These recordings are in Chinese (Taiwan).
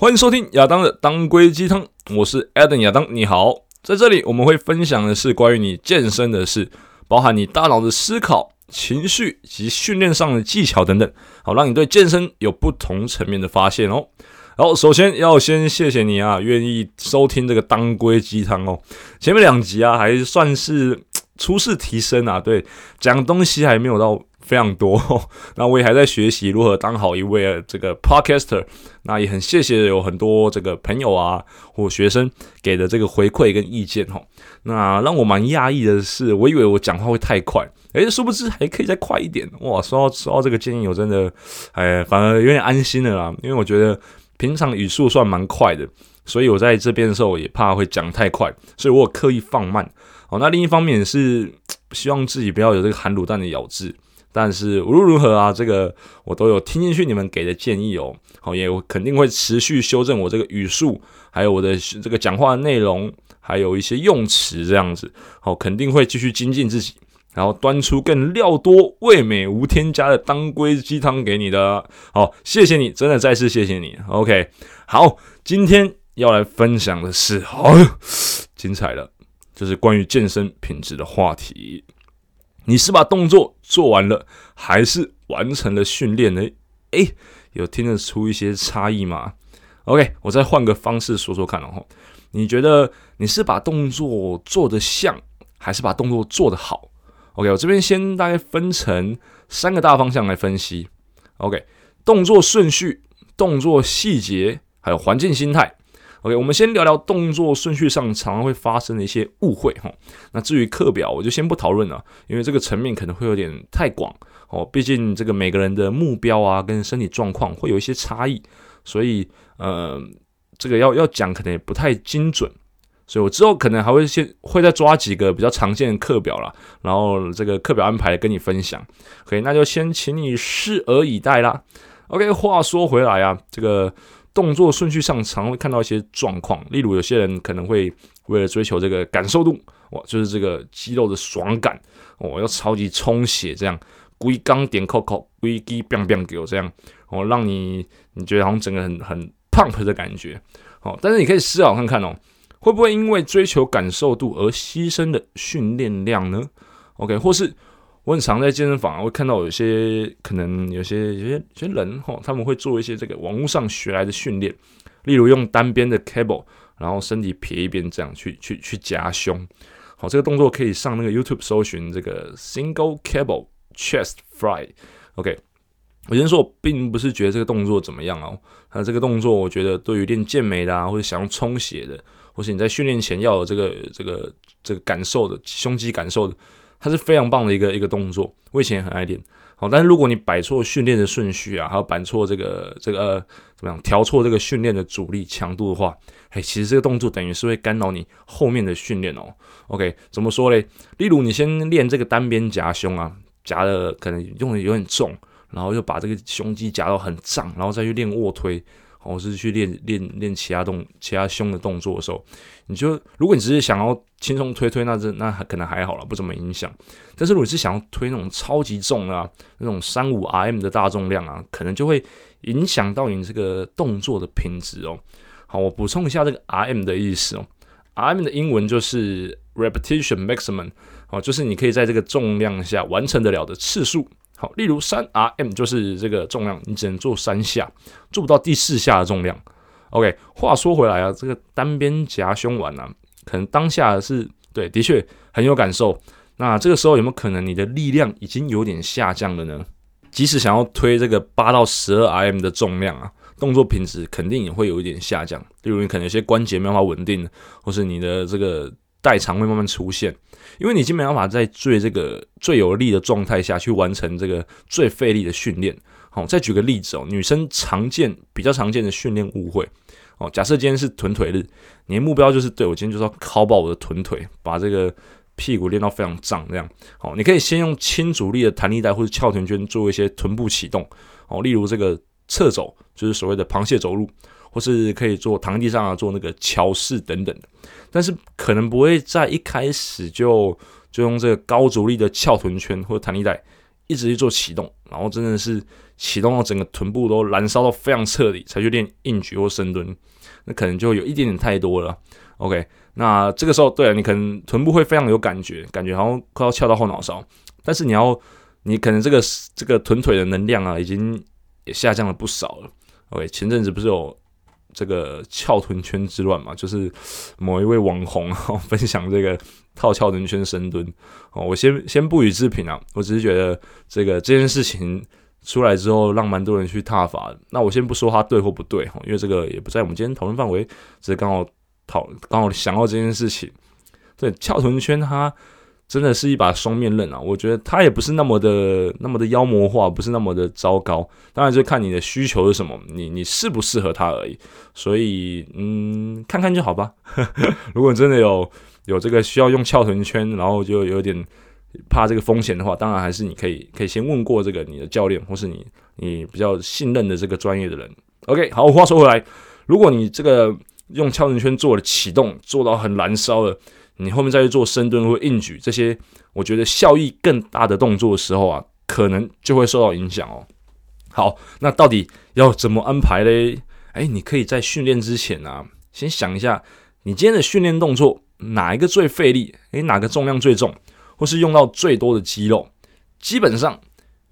歡迎收聽亞當的當歸雞湯，我是 Adam 亞當，你好，在這裡我們會分享的是關於你健身的事，包含你大腦的思考、情緒及訓練上的技巧等等，好讓你對健身有不同層面的發現哦。好，首先要先謝謝你啊，願意收聽這個當歸雞湯哦。前面兩集啊，還算是初試啼聲啊，對，講東西還沒有到。非常多，哦，那我也還在學習如何當好一位這個 podcaster，那也很謝謝有很多這個朋友啊或學生給的這個回饋跟意見哦。那讓我蠻訝異的是，我以為我講話會太快，哎、欸，殊不知還可以再快一點哇！收到收到這個建議，我真的，哎、欸，反而有點安心了啦，因為我覺得平常語速算蠻快的，所以我在這邊的時候也怕會講太快，所以我刻意放慢。哦，那另一方面是希望自己不要有這個含滷蛋的咬字。但是無論如何啊，這個我都有聽進去你們給的建議哦，好，也我肯定會持續修正我這個語速，還有我的這個講話內容，還有一些用詞這樣子，好，肯定會繼續精進自己，然後端出更料多味美無添加的當歸雞湯給你的，好，謝謝你，真的再次謝謝你。OK，好，今天要來分享的是好、哦、精彩了，就是關於健身品質的話題。你是把動作做完了，還是完成了訓練呢？誒、欸，有聽得出一些差異嗎？OK，我再換個方式說說看哦，然後你覺得你是把動作做得像，還是把動作做得好？OK，我這邊先大概分成三個大方向來分析。OK，動作順序、動作細節，還有環境、心態。OK，我們先聊聊動作順序上常常會發生的一些誤會哈。那至於課表，我就先不討論了，因為這個層面可能會有點太廣哦。畢竟這個每個人的目標啊跟身體狀況會有一些差異，所以呃，這個要要講可能也不太精準。所以我之後可能還會先會再抓幾個比較常見的課表啦，然後這個課表安排跟你分享。OK，那就先請你拭目以待啦。OK，話說回來啊，這個。動作順序上，常會看到一些狀況，例如有些人可能會為了追求這個感受度，哇，就是這個肌肉的爽感，哇、哦，要超級充血，這樣龜剛點扣扣，龜雞 bang bang 給我這樣，哦，讓你你覺得好像整個很很 pump 的感覺，好、哦，但是你可以思考看看哦，會不會因為追求感受度而犧牲的訓練量呢？OK，或是。我很常在健身房會、啊、看到有些可能有些有些有些人哈、哦，他們會做一些這個網絡上學來的訓練，例如用單邊的 cable，然後身體撇一邊這樣去去去夾胸。好，這個動作可以上那個 YouTube 搜尋這個 single cable chest fly。OK，我先說我並不是覺得這個動作怎麼樣哦，那這個動作我覺得對於練健美的啊，或者想要充血的，或是你在訓練前要有這個這個這個感受的胸肌感受的。它是非常棒的一個一個動作，我以前也很愛練。好，但是如果你擺錯訓練的順序啊，還有擺錯這個這個、呃、怎麼樣調錯這個訓練的阻力強度的話，嘿，其實這個動作等於是會干擾你後面的訓練哦。OK，怎麼說嘞？例如你先練這個單邊夾胸啊，夾的可能用的有點重，然後又把這個胸肌夾到很脹，然後再去練臥推。我、哦、是去練練練其他動其他胸的動作的時候，你就，如果你只是想要輕鬆推推那這那還可能還好了，不怎麼影響。但是如果是想要推那種超級重啊，那種三五 RM 的大重量啊，可能就會影響到你這個動作的品質哦。好，我補充一下這個 RM 的意思哦，RM 的英文就是 Repetition Maximum 哦，就是你可以在這個重量下完成得了的次數。好，例如三 RM 就是這個重量，你只能做三下，做不到第四下的重量。OK，話說回來啊，這個單邊夾胸丸啊，可能當下是對，的確很有感受。那這個時候有沒有可能你的力量已經有點下降了呢？即使想要推這個八到十二 RM 的重量啊，動作品質肯定也會有一點下降。例如你可能有些關節沒有辦法穩定，或是你的這個。代償會慢慢出現，因為你已經沒辦法在最這個最有力的狀態下去完成這個最費力的訓練。好，再舉個例子哦，女生常見比較常見的訓練誤會哦。假設今天是臀腿日，你的目標就是對，我今天就是要烤爆我的臀腿，把這個屁股練到非常脹這樣。好，你可以先用輕阻力的彈力帶或者翹臀圈做一些臀部啟動。好，例如這個側走，就是所謂的螃蟹走路。或是可以做躺地上啊，做那個橋式等等，但是可能不會在一開始就就用這個高阻力的翹臀圈或者彈力帶一直去做啟動，然後真的是啟動到整個臀部都燃燒到非常徹底才去練硬舉或深蹲，那可能就有一點點太多了。OK，那這個時候，對了啊，你可能臀部會非常有感覺，感覺好像快要翹到後腦勺，但是你要，你可能這個這個臀腿的能量啊，已經也下降了不少了。OK，前陣子不是有。這個翹臀圈之亂嘛，就是某一位網紅分享這個套翹臀圈深蹲哦，我先先不予置評啊，我只是覺得這個這件事情出來之後，讓蠻多人去撻伐。那我先不說他對或不對哈、哦，因為這個也不在我們今天討論範圍，只是剛好討剛好想到這件事情，所以翹臀圈它真的是一把雙面刃啊！我覺得它也不是那麼的那麼的妖魔化，不是那麼的糟糕。當然就看你的需求是什麼，你你適不適合它而已。所以嗯，看看就好吧。 如果你真的有有這個需要用翹臀圈，然後就有點怕這個風險的話，當然還是你可以可以先問過這個你的教練，或是你你比較信任的這個專業的人。OK，好，話說回來，如果你這個用翹臀圈做了啟動，做到很燃燒了，你後面再去做深蹲或硬舉這些，我覺得效益更大的動作的時候啊，可能就會受到影響哦。好，那到底要怎麼安排嘞？哎、欸，你可以在訓練之前呢、啊，先想一下你今天的訓練動作哪一個最費力？哎、欸，哪個重量最重，或是用到最多的肌肉。基本上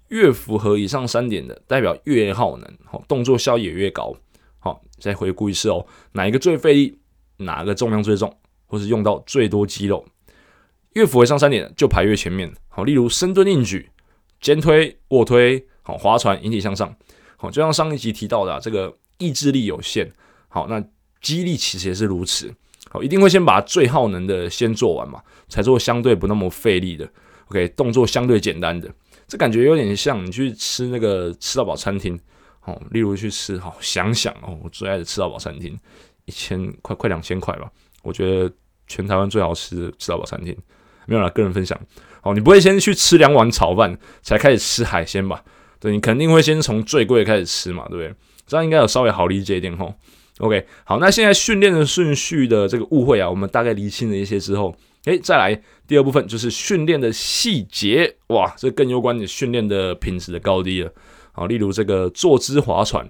越符合以上三點的，代表越耗能，好，動作效益也越高。好，再回顧一次哦，哪一個最費力，哪個重量最重？或是用到最多肌肉，越符合上三點就排越前面。好，例如深蹲、硬舉、肩推、臥推，好，划船、引體向上。好，就像上一集提到的啊，這個意志力有限。好，那肌力其實也是如此。好，一定會先把最耗能的先做完嘛，才做相對不那麼費力的。OK，動作相對簡單的，這感覺有點像你去吃那個吃到飽餐廳。好，例如去吃，好想想哦，我最愛的吃到飽餐廳，一千，快，快兩千塊吧。我覺得全台灣最好吃的吃到飽餐廳，沒有啦，個人分享。好，你不會先去吃兩碗炒飯才開始吃海鮮吧？對，你肯定會先從最貴開始吃嘛，對不對？這樣應該有稍微好理解一點吼。OK，好，那現在訓練的順序的這個誤會啊，我們大概釐清了一些之後，哎、欸，再來第二部分就是訓練的細節。哇，這更攸關你訓練的品質的高低了。好，例如這個坐姿划船，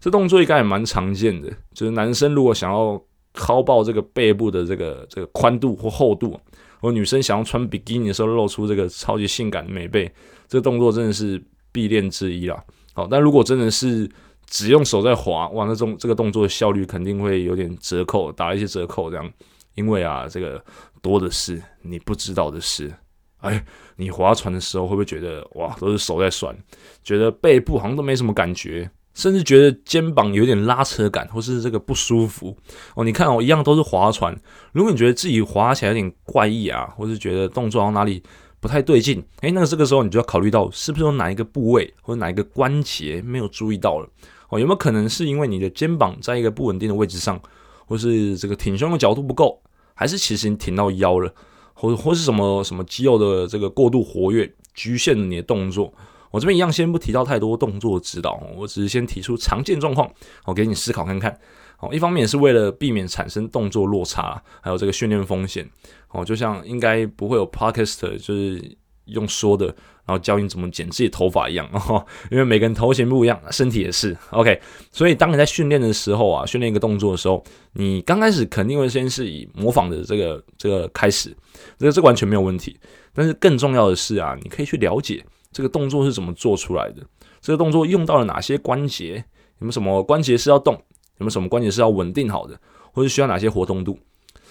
這動作應該也蠻常見的，就是男生如果想要。薅爆這個背部的這個這個寬度或厚度，我女生想要穿比基尼的時候，露出這個超級性感的美背，這個動作真的是必練之一啦。好，但如果真的是只用手在划，哇，那種這個動作效率肯定會有點折扣，打一些折扣這樣。因為啊，這個多的是你不知道的事。哎，你划船的時候會不會覺得哇，都是手在酸，覺得背部好像都沒什麼感覺？甚至覺得肩膀有點拉扯感，或是這個不舒服哦。你看哦，我一樣都是划船。如果你覺得自己划起來有點怪異啊，或是覺得動作到哪裡不太對勁，誒，那這個時候你就要考慮到是不是有哪一個部位或者哪一個關節沒有注意到了哦。有沒有可能是因為你的肩膀在一個不穩定的位置上，或是這個挺胸的角度不夠，還是其實你挺到腰了，或或是什麼什麼肌肉的這個過度活躍，局限了你的動作？我這邊一樣，先不提到太多動作指導，我只是先提出常見狀況，我給你思考看看。好，一方面也是為了避免產生動作落差，還有這個訓練風險。哦，就像應該不會有 Podcast 就是用說的，然後教你怎麼剪自己頭髮一樣，因為每個人頭型不一樣，身體也是。OK，所以當你在訓練的時候啊，訓練一個動作的時候，你剛開始肯定會先是以模仿的這個這個開始，這個、這個、完全沒有問題。但是更重要的是啊，你可以去了解。這個動作是怎麼做出來的？這個動作用到了哪些關節？有沒有什麼關節是要動？有沒有什麼關節是要穩定好的？或是需要哪些活動度？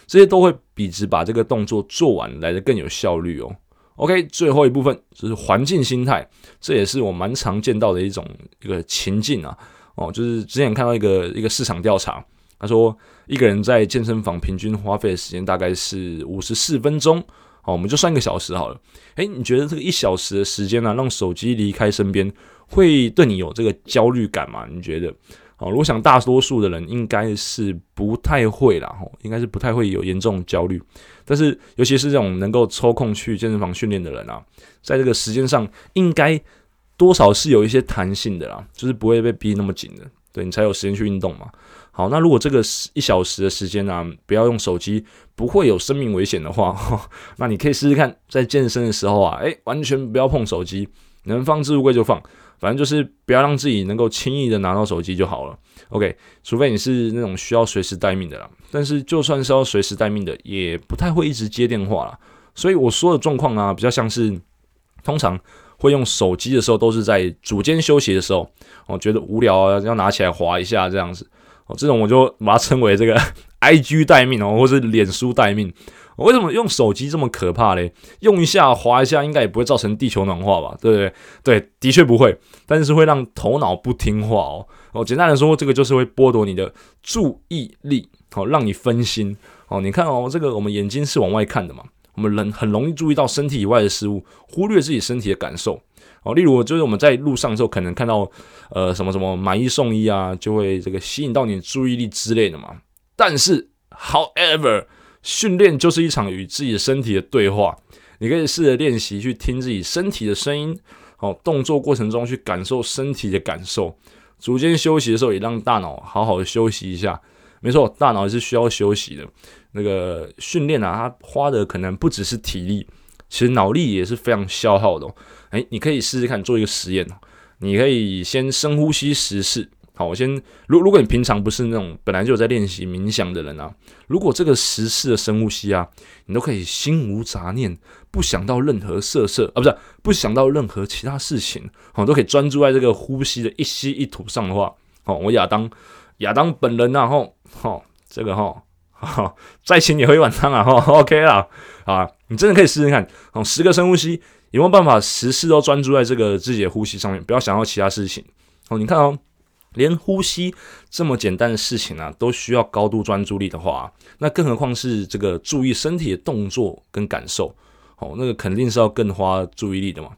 這些都會比只把這個動作做完來得更有效率哦。OK，最後一部分就是環境心態，這也是我蠻常見到的一種一個情境啊。哦，就是之前看到一個一個市場調查，他說一個人在健身房平均花費的時間大概是五十四分鐘。好，我們就算一個小時好了。哎、欸，你覺得這個一小時的時間呢、啊，讓手機離開身邊，會對你有這個焦慮感嗎？你覺得？哦，我想大多數的人應該是不太會啦，哦，應該是不太會有嚴重焦慮。但是，尤其是這種能夠抽空去健身房訓練的人啊，在這個時間上，應該多少是有一些彈性的啦，就是不會被逼那麼緊的。你才有時間去運動嘛。好，那如果這個一小時的時間呢，啊，不要用手機，不會有生命危險的話，那你可以試試看，在健身的時候啊，誒，完全不要碰手機，能放置物櫃就放，反正就是不要讓自己能夠輕易的拿到手機就好了。OK，除非你是那種需要隨時待命的啦，但是就算是要隨時待命的，也不太會一直接電話啦。所以我說的狀況啊，比較像是通常。會用手機的時候，都是在組間休息的時候，哦，覺得無聊啊，要拿起來滑一下這樣子，哦，這種我就把它稱為這個 IG 待命哦，或是臉書待命。我為什麼用手機這麼可怕嘞？用一下滑一下，應該也不會造成地球暖化吧？對不對，對？對，的確不會，但是會讓頭腦不聽話哦。哦，簡單來說，這個就是會剝奪你的注意力，哦，讓你分心。哦，你看哦，這個我們眼睛是往外看的嘛。我們人很容易注意到身體以外的事物，忽略自己身體的感受。哦，例如就是我們在路上的時候，可能看到呃什麼什麼買一送一啊，就會這個吸引到你的注意力之類的嘛。但是，however，訓練就是一場與自己身體的對話。你可以試着練習去聽自己身體的聲音，哦，動作過程中去感受身體的感受。組間休息的時候，也讓大腦好好的休息一下。沒錯，大腦是需要休息的。那個訓練啊，它花的可能不只是體力，其實腦力也是非常消耗的哦。哎，欸，你可以試試看做一個實驗，你可以先深呼吸十次。好，我先，如果如果你平常不是那種本來就有在練習冥想的人啊，如果這個十次的深呼吸啊，你都可以心無雜念，不想到任何色色啊，不是，不想到任何其他事情，好，都可以專注在這個呼吸的一吸一吐上的話，好，我亞當。亞當本人，啊，後，吼，這個吼，吼，再請你喝一碗湯啊，吼，OK 啦，啊，你真的可以試試看，哦，十個深呼吸，有沒有辦法時時都專注在這個自己的呼吸上面，不要想到其他事情，哦，你看哦，連呼吸這麼簡單的事情啊，都需要高度專注力的話，那更何況是這個注意身體的動作跟感受，哦，那個肯定是要更花注意力的嘛，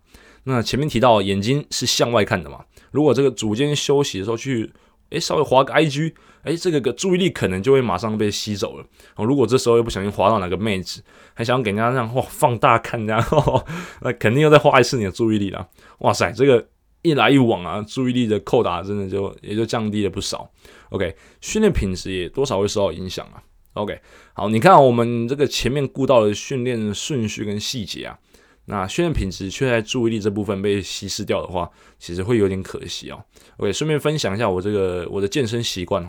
那前面提到眼睛是向外看的嘛，如果這個組間休息的時候去。誒，稍微劃個 IG，誒，這個個注意力可能就會馬上被吸走了。如果這時候又不小心劃到哪個妹子，還想要給人家這樣哇放大看人家，然後那肯定又再花一次你的注意力了。哇塞，這個一來一往啊，注意力的扣打真的就也就降低了不少。OK，訓練品質也多少會受到影響啊。OK，好，你看我們這個前面顧到的訓練的順序跟細節啊。那訓練品質卻在注意力這部分被稀釋掉的話，其實會有點可惜哦。OK，順便分享一下我這個我的健身習慣。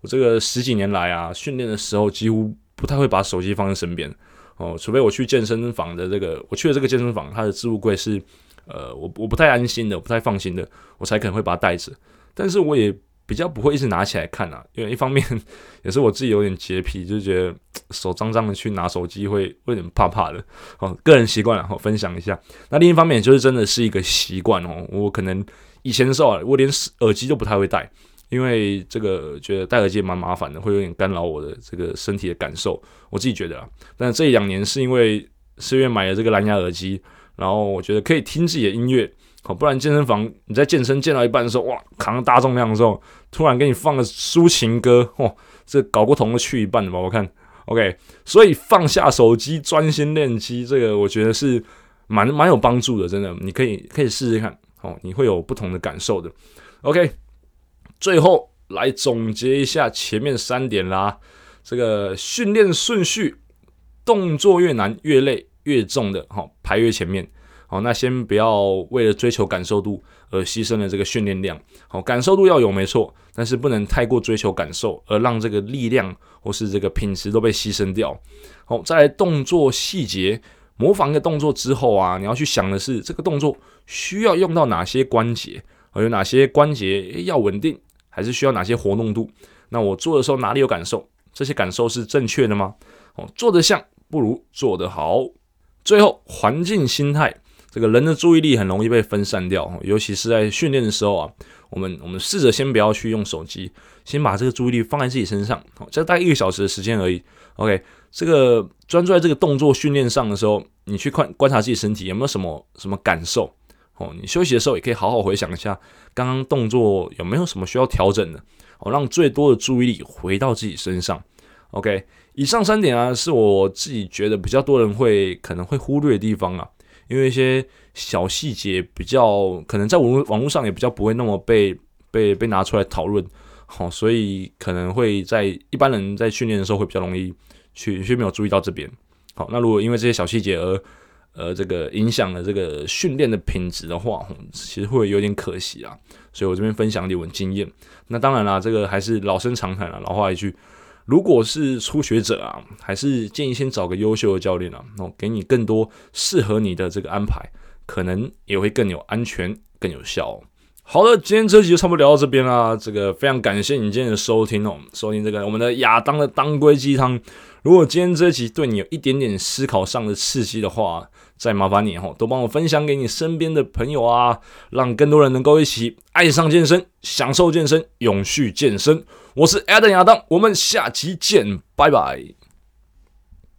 我這個十幾年來啊，訓練的時候幾乎不太會把手機放在身邊哦，除非我去健身房的這個，我去了這個健身房，它的置物櫃是，呃，我我不太安心的，不太放心的，我才可能會把它帶着。但是我也。比較不會一直拿起來看啊，因為一方面也是我自己有點潔癖，就是覺得手髒髒的去拿手機會會有點怕怕的。哦，個人習慣然後分享一下。那另一方面就是真的是一個習慣哦。我可能以前的時候啊，我連耳機都不太會戴，因為這個覺得戴耳機也蠻麻煩的，會有點干擾我的這個身體的感受，我自己覺得啦。但這兩年是因為是因為買了這個藍牙耳機，然後我覺得可以聽自己的音樂。好、哦，不然健身房你在健身健到一半的時候，哇，扛大重量的時候，突然給你放個抒情歌，哦，這搞不同的去一半的吧，我看。OK，所以放下手機專心練肌，這個我覺得是蠻蠻有幫助的，真的，你可以可以試試看，哦，你會有不同的感受的。OK，最後來總結一下前面三點啦，這個訓練順序，動作越難越累越重的，好、哦、排越前面。好，那先不要為了追求感受度而犧牲了這個訓練量。好，感受度要有沒錯，但是不能太過追求感受而讓這個力量或是這個品質都被犧牲掉。好，在動作細節模仿一個動作之後啊，你要去想的是這個動作需要用到哪些關節，有哪些關節要穩定，還是需要哪些活動度？那我做的時候哪裡有感受？這些感受是正確的嗎？哦，做得像不如做得好。最後，環境心態。這個人的注意力很容易被分散掉，尤其是在訓練的時候啊。我們我們試着先不要去用手機，先把這個注意力放在自己身上。哦，這大概一個小時的時間而已。OK，這個專注在這個動作訓練上的時候，你去看觀察自己身體有沒有什麼什麼感受。哦，你休息的時候也可以好好回想一下，剛剛動作有沒有什麼需要調整的。哦，讓最多的注意力回到自己身上。OK，以上三點啊，是我自己覺得比較多人會可能會忽略的地方啊。因為一些小細節比較，可能在我們網絡網絡上也比較不會那麼被被被拿出來討論，好，所以可能會在一般人在訓練的時候會比較容易去去沒有注意到這邊，好，那如果因為這些小細節而呃這個影響了這個訓練的品質的話，其實會有點可惜啊，所以我這邊分享一點我經驗，那當然啦，這個還是老生常談了，老話一句。如果是初學者啊，還是建議先找個優秀的教練啊，哦，給你更多適合你的這個安排，可能也會更有安全，更有效哦。好的，今天這集就差不多聊到這邊啦。這個非常感謝你今天的收聽哦，收聽這個我們的亞當的當歸雞湯。如果今天這集對你有一點點思考上的刺激的話，再麻煩你哦，都幫我分享給你身邊的朋友啊，讓更多人能夠一起愛上健身、享受健身、永續健身。我是 Adam 亞當，我們下期見，拜拜。